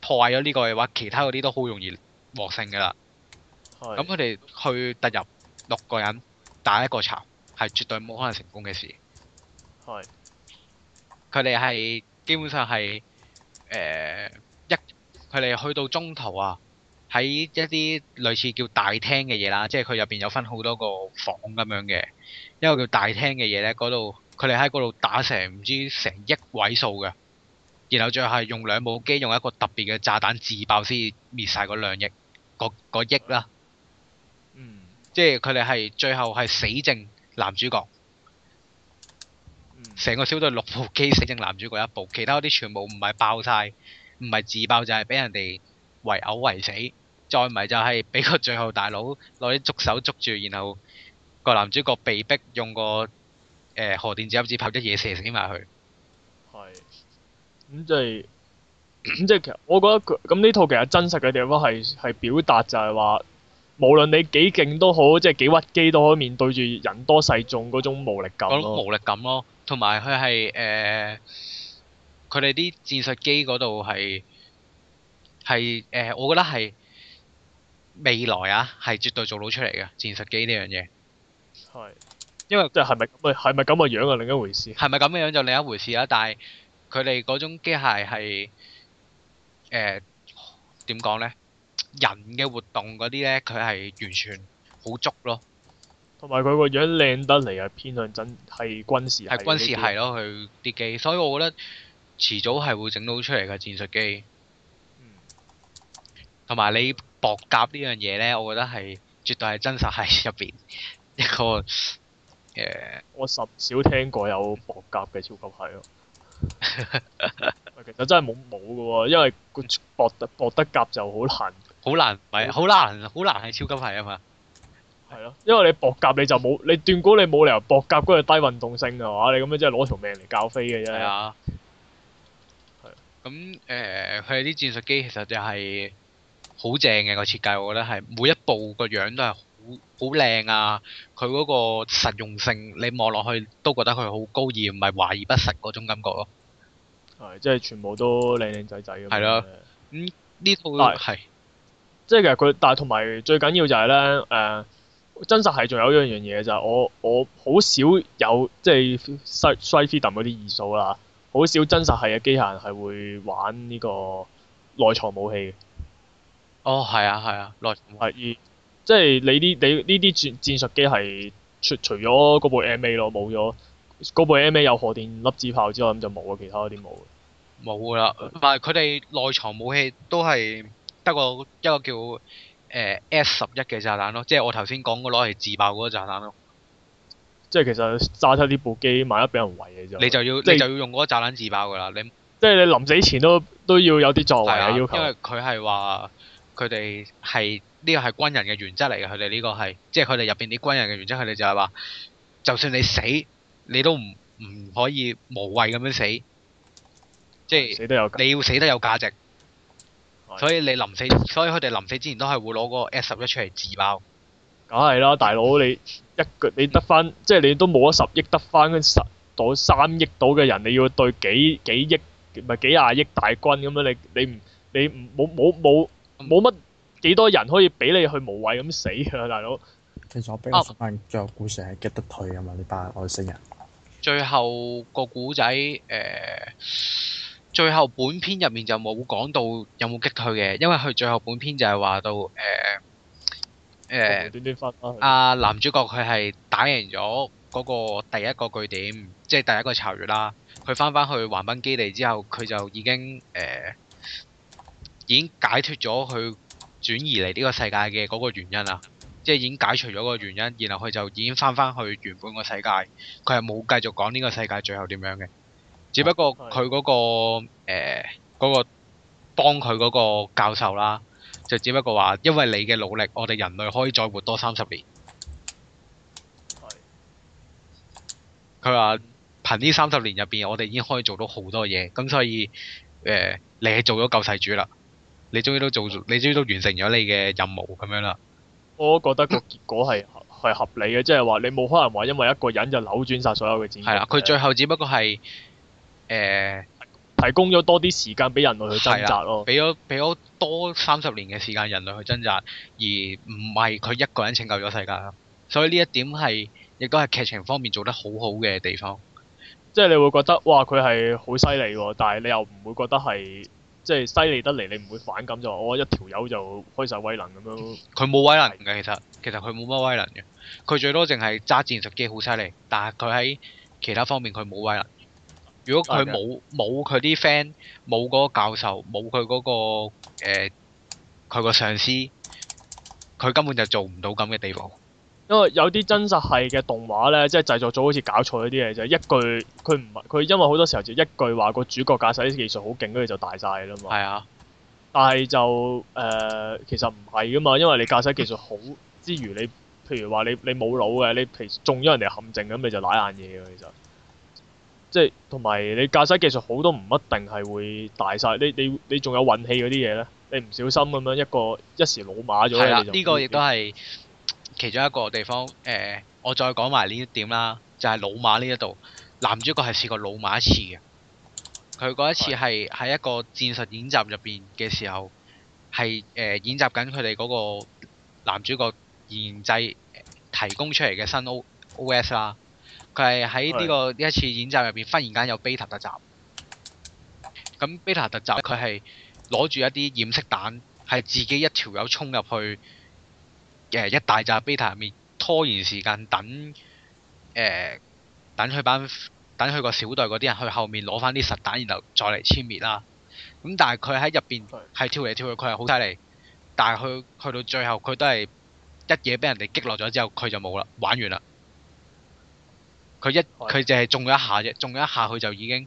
破壞咗呢個嘅話，其他嗰啲都好容易獲勝噶啦。咁佢哋去突入六個人。打一個巢係絕對冇可能成功嘅事。係的。佢哋係基本上係誒、呃、一，佢哋去到中途啊，喺一啲類似叫大廳嘅嘢啦，即係佢入邊有分好多個房咁樣嘅一個叫大廳嘅嘢咧，嗰度佢哋喺嗰度打成唔知成億位數嘅，然後再係用兩部機用一個特別嘅炸彈自爆先滅晒嗰兩億嗰嗰億啦。嗯。即係佢哋係最後係死剩男主角，成、嗯、個小隊六部機死剩男主角一部，其他嗰啲全部唔係爆曬，唔係自爆就係、是、俾人哋圍毆圍死，再唔係就係俾個最後大佬攞啲捉手捉住，然後個男主角被逼用個誒荷、呃、電子粒子炮啲嘢，射死埋佢。係，咁即係，咁即係其實我覺得咁呢套其實真實嘅地方係係表達就係話。無論你幾勁都好，即係幾屈機都可以面對住人多勢眾嗰種無力感啊，嗰種無力感咯。同埋佢係誒，佢哋啲戰術機嗰度係係誒，我覺得係未來啊，係絕對做到出嚟嘅戰術機呢樣嘢。係，因為即係係咪係咪咁嘅樣啊？另一回事。係咪咁嘅樣、樣就另一回事啊？但係佢哋嗰種機械係誒點講咧？呃人嘅活動嗰啲咧，佢係完全好足咯。同埋佢個樣靚得嚟啊，偏向真係軍，軍事係軍事係咯。佢啲機，所以我覺得遲早係會整到出嚟嘅戰術機。嗯，同埋你薄甲呢樣嘢咧，我覺得係絕對係真實喺入邊一個誒，我十少聽過有薄甲嘅超級係咯。 其實真係冇冇嘅，因為個薄得薄得甲就好難。好難，唔係好難，好難係超級係啊嘛，係咯，因為你薄甲你就冇，你斷估你冇理由薄甲嗰個低運動性啊嘛，你咁樣即係攞條命嚟教飛嘅啫。係啊，係咁誒，佢啲戰術機其實就係好正嘅個設計，我覺得係每一部個樣都係好好靚啊！佢嗰個實用性，你望落去都覺得佢好高，而唔係華而不實嗰種感覺咯。係，即係全部都靚靚仔仔咁。係咯，咁呢套係。即係其實佢，但係同埋最緊要就係咧，誒、呃、真實係仲有一樣嘢就係、是、我我好少有即係西西飛彈嗰啲二數啦，好少真實係嘅機械人係會玩呢個內藏武、哦啊啊、武器。哦，係啊，係啊，內藏武器即係你呢？你呢啲戰戰術機係除咗部 M A 咯，冇咗嗰部 M A 有荷電粒子炮之外，咁就冇啊，其他嗰啲冇。冇啦，唔係佢哋內藏武器都係。一個一個叫誒、呃、S 十一嘅炸彈咯，即係我頭先講個攞嚟自爆嗰個炸彈咯。即係其實揸出呢部機，萬一俾人圍嘅啫。就你就要是你就要用嗰個炸彈自爆噶啦，你即係你臨死前都都要有啲作為嘅、啊、要求。因為佢係話佢哋係呢個係軍人嘅原則嚟嘅，佢哋呢個係即係佢哋入邊啲軍人嘅原則，佢哋就係話，就算你死，你都唔唔可以無謂咁樣死，即係你要死得有價值。所以你臨死，所以佢哋臨死之前都係會攞嗰個 S 十一出嚟自爆。梗係啦，大佬你一你得翻，即係你都冇咗十億，得翻嗰十到三億到嘅人，你要對幾幾億，唔係幾廿億大軍咁樣，你你唔你冇冇冇冇乜幾多人可以俾你去無謂咁死啊，大佬。其實我俾你講翻最後故事係激得退啊嘛，你班外星人。最後個古仔誒。呃最後本篇入面就冇講到有冇擊退嘅，因為佢最後本篇就係話到，誒、呃，誒、呃，阿、 啊、男主角佢係打贏咗嗰個第一個據點，即係第一個巢穴啦。佢翻返去橫濱基地之後，佢就已經，誒、呃，已經解脫咗佢轉移嚟呢個世界嘅嗰個原因啦。即係已經解除咗個原因，然後佢就已經翻返去原本個世界，佢係冇繼續講呢個世界最後點樣嘅。只不過佢嗰、嗰個誒、呃、嗰個幫佢嗰個教授啦，就只不過話因為你嘅努力，我哋人類可以再活多三十年。佢話憑呢三十年入邊，我哋已經可以做到好多嘢，咁所以誒、呃、你係做咗救世主啦，你終於都做，你終於都完成咗你嘅任務咁樣啦。我都覺得個結果係係 合理嘅，即係話你冇可能話因為一個人就扭轉晒所有嘅戰局。係啊，佢最後只不過係。誒，提供咗多啲時間俾人類去掙扎咯，俾咗俾咗多三十年嘅時間人類去掙扎，而唔係佢一個人拯救咗世界。所以呢一點係，亦都係劇情方面做得好好嘅地方。即係你會覺得，哇，佢係好犀利喎，但係你又唔會覺得係，即係犀利得嚟，你唔會反感就話我一條友就開晒威能咁樣。嗯，佢冇威能嘅，是的 其實，其實佢冇乜威能嘅，佢最多淨係揸戰術機好犀利，但係佢喺其他方面佢冇威能。如果佢冇冇佢啲 friend，冇嗰個教授，冇佢嗰個誒佢個上司，佢根本就做唔到咁嘅地步。因為有啲真實系嘅動畫呢，即係製作組好似搞錯咗啲嘢，就一句佢唔佢因為好多時候就一句話個主角駕駛技術好勁，跟住就大晒啦嘛。係啊，但係就誒其實唔係噶嘛，因為你駕駛技術好之餘，你譬如話你你冇腦嘅，你譬如中咗人哋陷阱咁，你就瀨眼嘢其實。即係同埋你駕駛技術好都唔一定係會大晒，你你你仲有運氣嗰啲嘢呢，你唔小心咁樣一個一時老馬咗呢的個亦都係其中一個地方。誒、呃，我再講埋呢一點啦，就係、是、老馬呢一度，男主角係試過老馬一次嘅。佢嗰一次係喺是的 一個戰術演習入邊嘅時候，係誒、呃、演習緊佢哋嗰個男主角研製提供出嚟嘅新 O，OS 啦。佢係喺呢個呢一的次演習入邊，忽然間有 beta 突襲。咁 beta 突襲佢係攞住一啲染色彈，係自己一條友衝入去，誒一大紮 beta 入面，拖延時間等誒、呃、等佢班等佢個小隊嗰啲人去後面攞翻啲實彈，然後再嚟殲滅啦。咁但係佢喺入邊係跳嚟跳去，佢係好犀利，但係佢去到最後，佢都係一嘢俾人哋擊落咗之後，佢就冇啦，玩完啦。佢一佢就係中咗一下啫，中咗一下佢就已經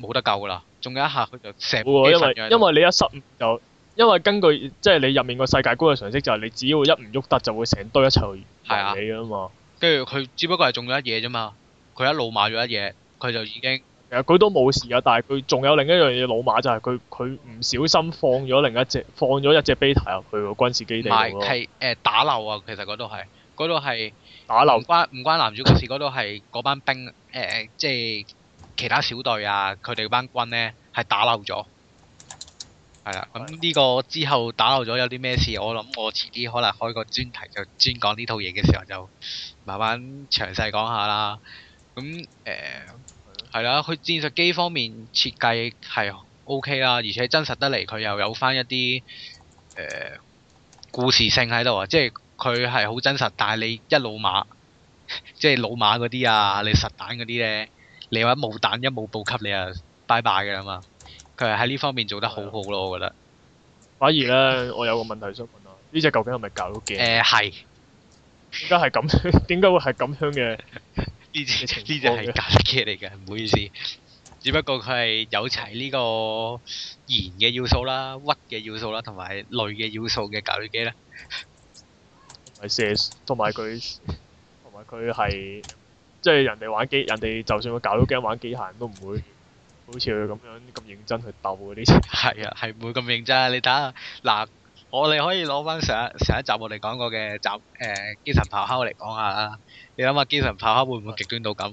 冇得救噶啦。中咗一下佢就成幾嘅。因為因為你一失就，因為根據即係你入面個世界觀嘅常識就係你只要一唔喐得就會成堆一齊埋你噶啦嘛。跟住佢只不過係中咗一嘢啫嘛。佢一路馬咗一嘢，佢就已經佢都冇事啊，但係佢仲有另一樣嘢老馬就係佢佢唔小心放咗另一隻放咗一隻 Beta 去個軍事基地咯。唔係、呃、打漏啊！其實嗰度係嗰度係。打漏，唔 關唔關男主角事，嗰度係嗰班兵，誒、呃，即係其他小隊啊，佢哋班軍呢係打漏咗。係啦，咁呢個之後打漏咗有啲咩事，我諗我遲啲可能開個專題就專講呢套嘢嘅時候就慢慢詳細講下啦。咁誒，係、呃、啦，佢戰術機方面設計係 OK 啦，而且真實得嚟，佢又有翻一啲誒、呃、故事性喺度啊，即係。佢係好真實，但係你一老馬，即係老馬嗰啲啊，你實彈嗰啲咧，你話冇彈一冇補給，你啊拜拜㗎啦嘛。佢係喺呢方面做得好好咯，的我覺得。反而咧，我有個問題想問啊，呢隻 究竟係咪狗嘅？機、呃？誒，係，點解係咁？點解會係咁樣嘅？呢隻呢隻係假嘅機嚟嘅，唔 好意思。只不過佢係有齊呢個鹽嘅要素啦、屈嘅要素啦，同埋類嘅要素嘅假濾機咧。係射，同埋佢，同埋佢係，即係人哋玩機，人哋就算佢搞都驚玩機械人都唔會，好似佢咁樣咁認真去鬥嗰啲。係啊，係唔會咁認真啊。你睇下嗱，我哋可以攞翻上上一集我哋講過嘅集誒，機神咆哮嚟講下啦。你諗下機神咆哮會唔會極端到咁？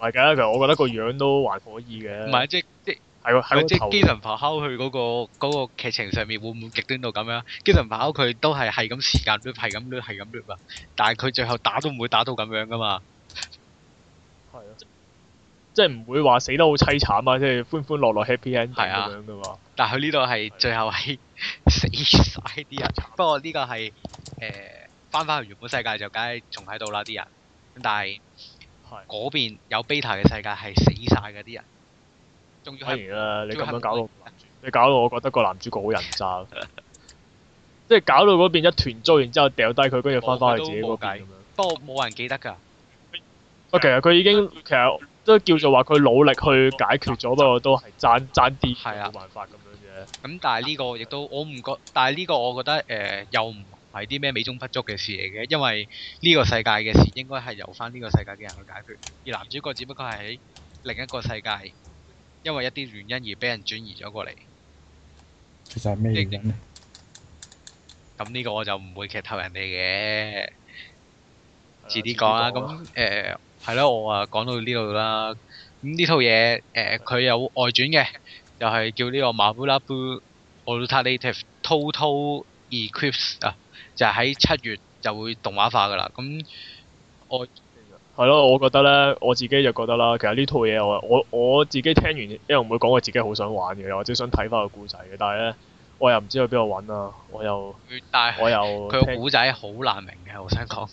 唔係噶，其實我覺得個樣都還可以嘅。唔係即即。係喎，即係、嗰個《基神跑》去嗰個嗰個劇情上面會唔會極端到咁樣？《基神跑》佢都係係咁時間 loop，係咁 loop，係咁 loop 啊！但係佢最後打都唔會打到咁樣噶嘛。係的啊，即係唔會話死得好凄慘啊！即係歡歡樂樂 happy ending 咁樣啊的但係佢呢度係最後係死晒啲人， 不過呢個係誒翻翻去原本世界就梗係仲喺度啦啲人，但係嗰邊有 beta 嘅世界係死晒嘅啲人。睇完啦！你咁樣搞到，暴力 你搞到我覺得個男主角好人渣， 即係搞到嗰邊一團糟，然之後掉低佢，跟住翻翻去自己嗰界。咁樣。不過冇人記得噶。其實佢已經，其實都叫做話佢努力去解決咗，不過都係爭爭啲。係啊，冇的辦法咁樣啫。咁、嗯、但係呢個亦都，我唔覺。但係呢個我覺得，誒、呃，又唔係啲咩美中不足嘅事嚟嘅，因為呢個世界嘅事應該係由翻呢個世界嘅人去解決，而男主角只不過係喺另一個世界因為一啲原因而俾人轉移咗過嚟，其實係咩原因呢？咁呢、這個、個我就唔會劇透人哋嘅，遲啲講啦。咁誒係咯，我啊講到呢度啦。咁、嗯、呢套嘢誒，佢、呃、有外傳嘅，就係、是、叫呢個《Muv-Luv Alternative Total Eclipse》啊，就係喺七月就會動畫化噶啦。咁、嗯、我。係咯，我覺得咧，我自己就覺得啦。其實呢套嘢我我我自己聽完，因為唔會講我自己好想玩嘅，又或者想睇翻個故仔嘅。但係咧，我又唔知去邊度揾？啊！我又，但係我又，佢個故仔好難明嘅，我想講。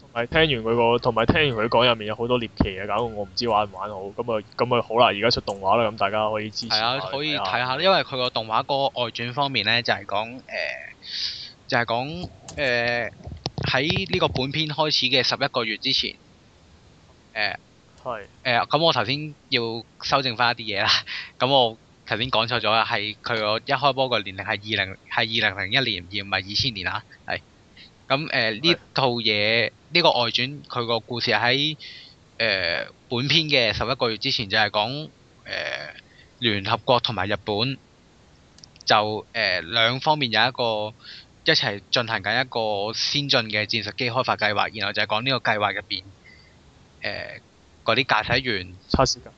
同埋聽完佢個，同埋聽完佢講入面有好多獵奇嘅，搞到我唔知玩唔玩好。咁啊，咁啊，好啦，而家出動畫啦，咁大家可以支持下。係啊，可以睇下，因為佢個動畫嗰個外傳方面咧，就係講誒，呃，就係講誒喺呢個本篇開始嘅十一個月之前。誒，係， 誒、呃，咁、呃呃 um, 我頭先要修正翻一啲嘢啦，咁、嗯、我頭先講錯咗啦，係佢個一開波個年齡係二零，係二零零一年，而唔係二千年啊，係、嗯，咁誒呢套嘢呢、呢個外傳佢個故事喺誒、呃、本篇嘅十一個月之前，就係講誒、呃、聯合國同埋日本就誒、呃、兩方面有一個一齊進行緊一個先進嘅戰術機開發計劃，然後就係講呢個計劃入邊。誒，嗰啲駕駛員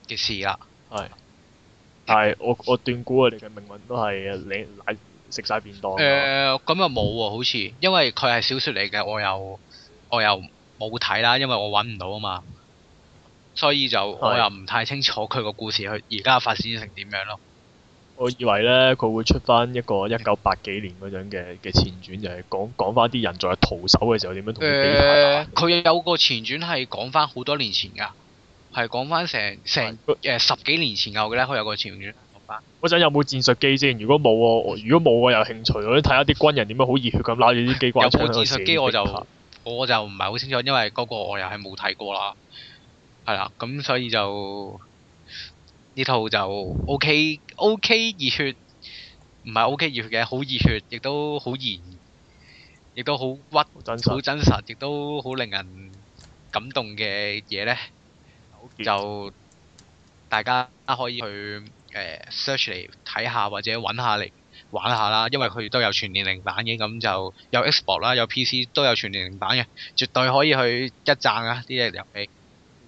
嘅事啦，係，是但係我我斷估佢哋嘅命運都係，你奶食晒便當？誒，咁又冇喎，好似，因為佢係小說嚟嘅，我又我又冇睇啦，因為我搵唔到啊嘛，所以就是的 我又唔太清楚佢個故事去而家發展成點樣咯。我以為咧，佢會出翻一個一九八幾年嗰陣嘅嘅前傳，就係講講翻啲人在逃走嘅時候點樣，啊。同佢，呃，佢有個前傳係講翻好多年前㗎，係講翻成成個十幾年前後嘅咧。佢有個前傳。嗰陣有冇戰術機先？如果冇喎，如果冇我有，有興趣，我睇下啲軍人點樣好熱血咁拉住啲機關槍。有冇戰術機我就我就唔係好清楚，因為嗰個我又係冇睇過啦。係啦，咁所以就。呢套就 O K O K 熱血，唔係 O K 熱血嘅，好熱血，亦都好燃，亦都好屈，好真，真實，亦都好令人感動嘅嘢呢。OK 就大家可以去誒 search 嚟睇下或者揾下嚟玩下啦，因為佢都有全年齡版嘅，咁就有 Xbox 啦，有 P C 都有全年齡版嘅，絕對可以去一贊啊！呢隻遊戲。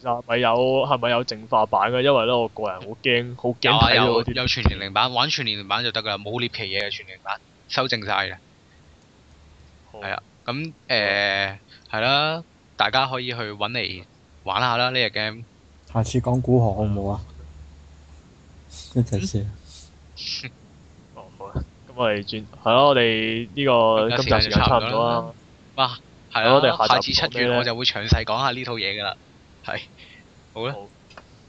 係咪有係咪有淨化版嘅？因為咧，我個人好驚，好驚有全年齡版，玩全年齡版就得噶啦，冇獵奇嘢嘅全年齡版，修正晒嘅。係啊好，咁誒係啦，大家可以去搵嚟玩下啦呢隻 game。下次講古河好唔好啊？一陣先。好啊，咁我哋轉係咯，我哋呢、嗯這個 今集就差唔多啦。哇，係啊，我下，下次七月我就會詳細講下呢套嘢噶啦。係好啦，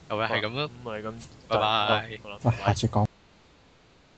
咁咪係咁咯，咁咪咁，拜拜，啊、拜拜下次講。